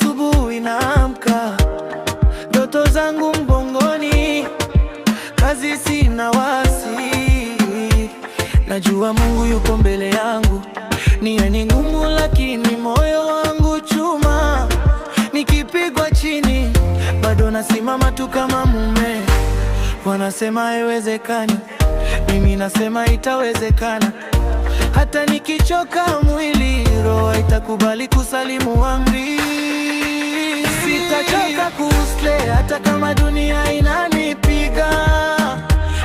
asubuhi naamka, ndoto zangu mbongoni, kazi sina wasi, najua Mungu yuko mbele yangu. Nia ni ngumu, lakini moyo wangu chuma, nikipigwa chini bado nasimama tu kama mume. Wanasema haiwezekani, mimi nasema itawezekana. Hata nikichoka mwili, roho itakubali kusalimu amri. Nimechoka kusle, hata kama dunia inanipiga,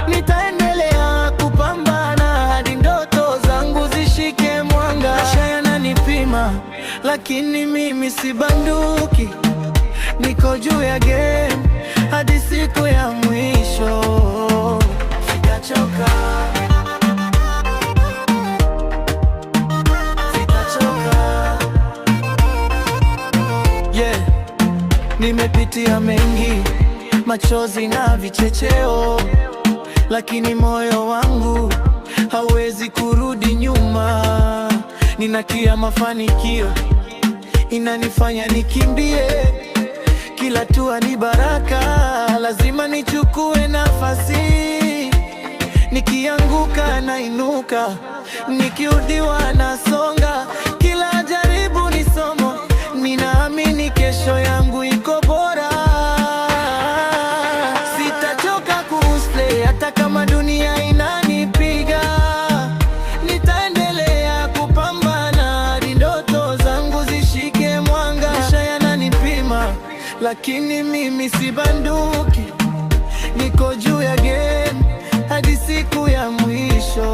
nitaendelea kupambana hadi ndoto zangu zishike mwanga. Maisha yananipima, lakini mimi sibanduki, niko juu ya game. Nimepitia mengi, machozi na vichecheo, lakini moyo wangu hawezi kurudi nyuma. Ninakia mafanikio, inanifanya nikimbie. Kila tua ni baraka, lazima nichukue nafasi. Nikianguka nainuka, nikiudiwa na lakini mimi si banduki, niko juu ya game hadi siku ya mwisho,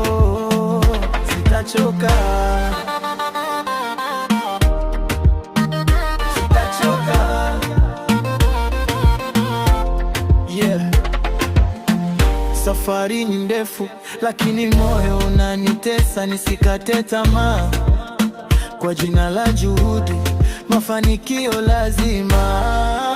sitachoka, sitachoka. Safari ni ndefu, lakini moyo unanitesa, nisikate tamaa kwa jina la juhudi mafanikio lazima